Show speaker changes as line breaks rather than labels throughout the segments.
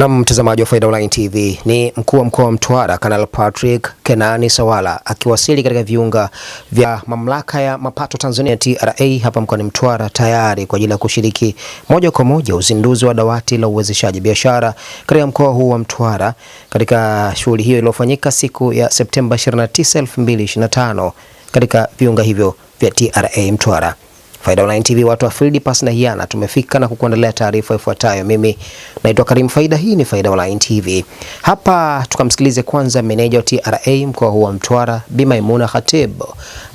Na mtazamaji wa Faida Online TV, ni mkuu wa mkoa wa Mtwara Kanali Patrick Kenani Sawala akiwasili katika viunga vya mamlaka ya mapato Tanzania TRA hapa mkoani Mtwara tayari kwa ajili ya kushiriki moja kwa moja uzinduzi wa dawati la uwezeshaji biashara katika mkoa huu wa Mtwara katika shughuli hiyo iliyofanyika siku ya Septemba 29, 2025 katika viunga hivyo vya TRA Mtwara. Faida Online TV, watu wa field na hiana, tumefika na kukuandalia taarifa ifuatayo. Mimi naitwa Karim Faida, hii ni Faida Online TV. Hapa tukamsikilize kwanza meneja wa TRA mkoa huu wa Mtwara Bi Maimuna Khatib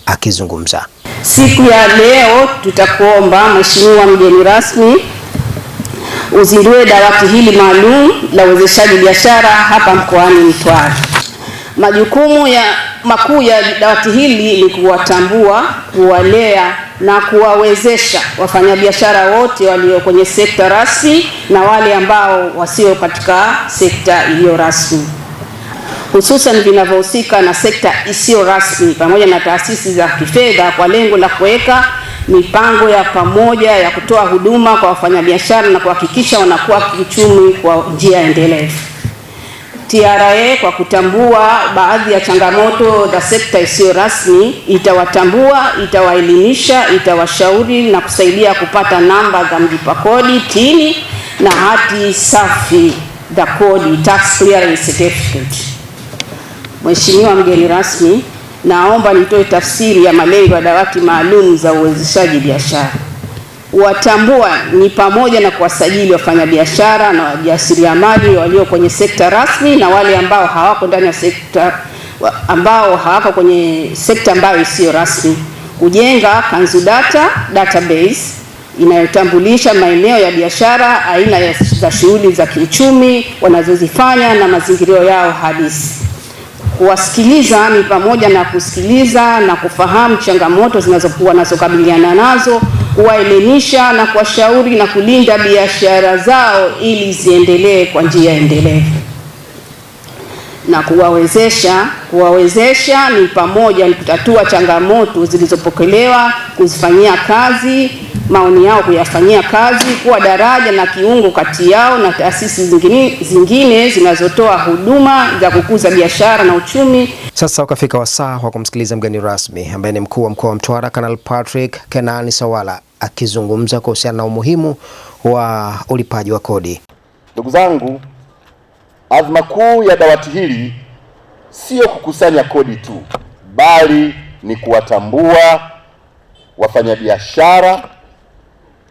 akizungumza.
Siku ya leo tutakuomba Mheshimiwa mgeni rasmi uzindue dawati hili maalum la uwezeshaji biashara hapa mkoani Mtwara. Majukumu ya makuu ya dawati hili ni kuwatambua, kuwalea na kuwawezesha wafanyabiashara wote walio kwenye sekta rasmi na wale ambao wasio katika sekta iliyo rasmi, hususan vinavyohusika na sekta isiyo rasmi pamoja na taasisi za kifedha kwa lengo la kuweka mipango ya pamoja ya kutoa huduma kwa wafanyabiashara na kuhakikisha wanakuwa kiuchumi kwa njia endelevu. TRA kwa kutambua baadhi ya changamoto za sekta isiyo rasmi, itawatambua, itawaelimisha, itawashauri na kusaidia kupata namba za mlipa kodi tini na hati safi za kodi, tax clearance certificate. Mheshimiwa mgeni rasmi, naomba nitoe tafsiri ya malengo ya dawati maalum za uwezeshaji biashara watambua ni pamoja na kuwasajili wafanyabiashara na wajasiriamali walio kwenye sekta rasmi na wale ambao hawako ndani ya sekta ambao hawako kwenye sekta ambayo isiyo rasmi, kujenga data database inayotambulisha maeneo ya biashara, aina za shughuli za kiuchumi wanazozifanya na mazingira yao halisi. Kuwasikiliza ni pamoja na kusikiliza na kufahamu changamoto zinazokuwa wanazokabiliana nazo kuwaelimisha na kuwashauri na kulinda biashara zao ili ziendelee kwa njia endelevu na kuwawezesha. Kuwawezesha ni pamoja ni kutatua changamoto zilizopokelewa, kuzifanyia kazi, maoni yao kuyafanyia kazi, kuwa daraja na kiungo kati yao na taasisi zingine, zingine zinazotoa huduma za kukuza biashara na uchumi.
Sasa ukafika wasaa wa kumsikiliza mgeni rasmi ambaye ni mkuu wa mkoa wa Mtwara, Kanali Patrick Kenani Sawala akizungumza kuhusiana na umuhimu wa ulipaji wa kodi.
Ndugu zangu Azma kuu ya dawati hili sio kukusanya kodi tu, bali ni kuwatambua wafanyabiashara,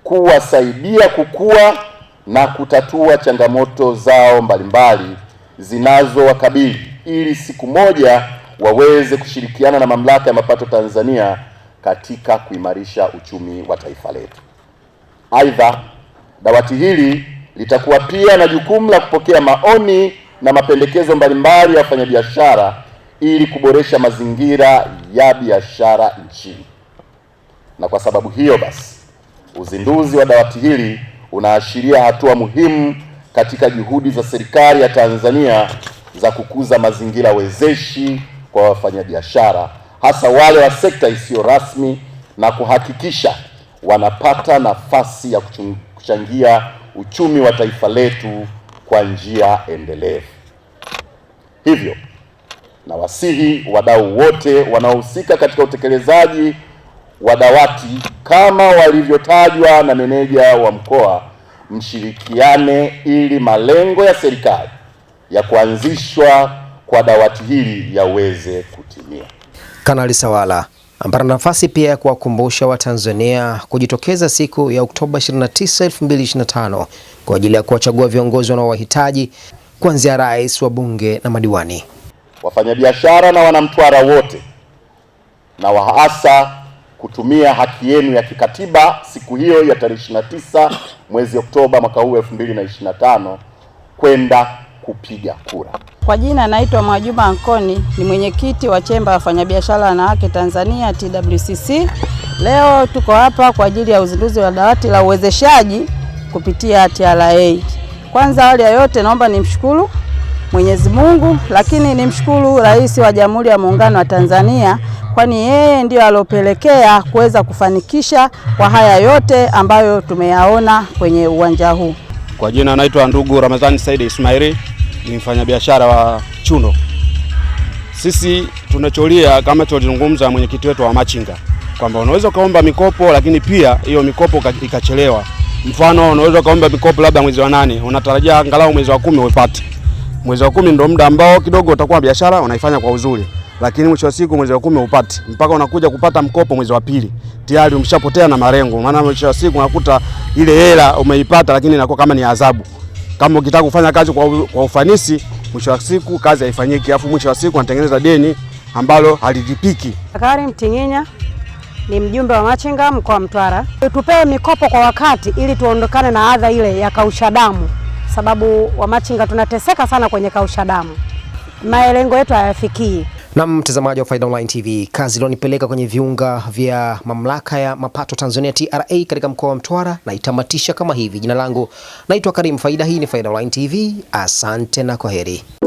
kuwasaidia kukua na kutatua changamoto zao mbalimbali zinazowakabili ili siku moja waweze kushirikiana na Mamlaka ya Mapato Tanzania katika kuimarisha uchumi wa taifa letu. Aidha, dawati hili litakuwa pia na jukumu la kupokea maoni na mapendekezo mbalimbali ya wafanyabiashara ili kuboresha mazingira ya biashara nchini. Na kwa sababu hiyo basi, uzinduzi wa dawati hili unaashiria hatua muhimu katika juhudi za serikali ya Tanzania za kukuza mazingira wezeshi kwa wafanyabiashara, hasa wale wa sekta isiyo rasmi na kuhakikisha wanapata nafasi ya kuchangia uchumi wa taifa letu kwa njia endelevu. Hivyo nawasihi wadau wote wanaohusika katika utekelezaji wa dawati kama walivyotajwa na meneja wa mkoa, mshirikiane ili malengo ya serikali ya kuanzishwa kwa dawati hili yaweze kutimia.
Kanali Sawala amepata nafasi pia ya kuwakumbusha Watanzania kujitokeza siku ya Oktoba 29, 2025 kwa ajili ya kuwachagua viongozi wanaowahitaji kuanzia rais, wabunge na madiwani.
Wafanyabiashara na wanamtwara wote, na wahasa kutumia haki yenu ya kikatiba siku hiyo ya tarehe 29 mwezi Oktoba mwaka huu 2025 kwenda kupiga kura.
Kwa jina naitwa Mwajuma Ankoni, ni mwenyekiti wa chemba ya wafanyabiashara wanawake Tanzania TWCC. Leo tuko hapa kwa ajili ya uzinduzi wa dawati la uwezeshaji kupitia TRA. Kwanza awali ya yote, naomba nimshukuru Mwenyezi Mungu, lakini nimshukuru Rais wa Jamhuri ya Muungano wa Tanzania, kwani yeye ndiyo alopelekea kuweza kufanikisha kwa haya yote ambayo tumeyaona kwenye uwanja huu.
Kwa jina naitwa ndugu Ramadhani Said Ismaili ni mfanyabiashara wa chuno. Sisi tunacholia kama tulizungumza mwenyekiti wetu wa machinga kwamba unaweza ukaomba mikopo, lakini pia hiyo mikopo ikachelewa. Mfano, unaweza ukaomba mikopo labda mwezi wa nane, unatarajia angalau mwezi wa kumi uipate. Mwezi wa kumi ndio muda ambao kidogo utakuwa biashara unaifanya kwa uzuri, lakini mwisho wa siku mwezi wa kumi upate mpaka unakuja kupata mkopo mwezi wa pili, tayari umeshapotea na malengo. Maana mwisho wa siku unakuta ile hela umeipata, lakini inakuwa kama ni adhabu. Kama ukitaka kufanya kazi kwa, kwa ufanisi, mwisho wa siku kazi haifanyiki, afu mwisho wa siku anatengeneza deni ambalo halilipiki.
Karim Mtinginya ni mjumbe wa Machinga mkoa wa Mtwara. Tupewe mikopo kwa wakati ili tuondokane na adha ile ya kausha damu, sababu Wamachinga tunateseka sana kwenye kausha damu, malengo yetu hayafikii.
Na mtazamaji wa Faida Online TV, kazi ilionipeleka kwenye viunga vya mamlaka ya mapato Tanzania TRA katika mkoa wa Mtwara na itamatisha kama hivi. Jina langu naitwa Karim Faida, hii ni Faida Online TV. Asante na kwaheri.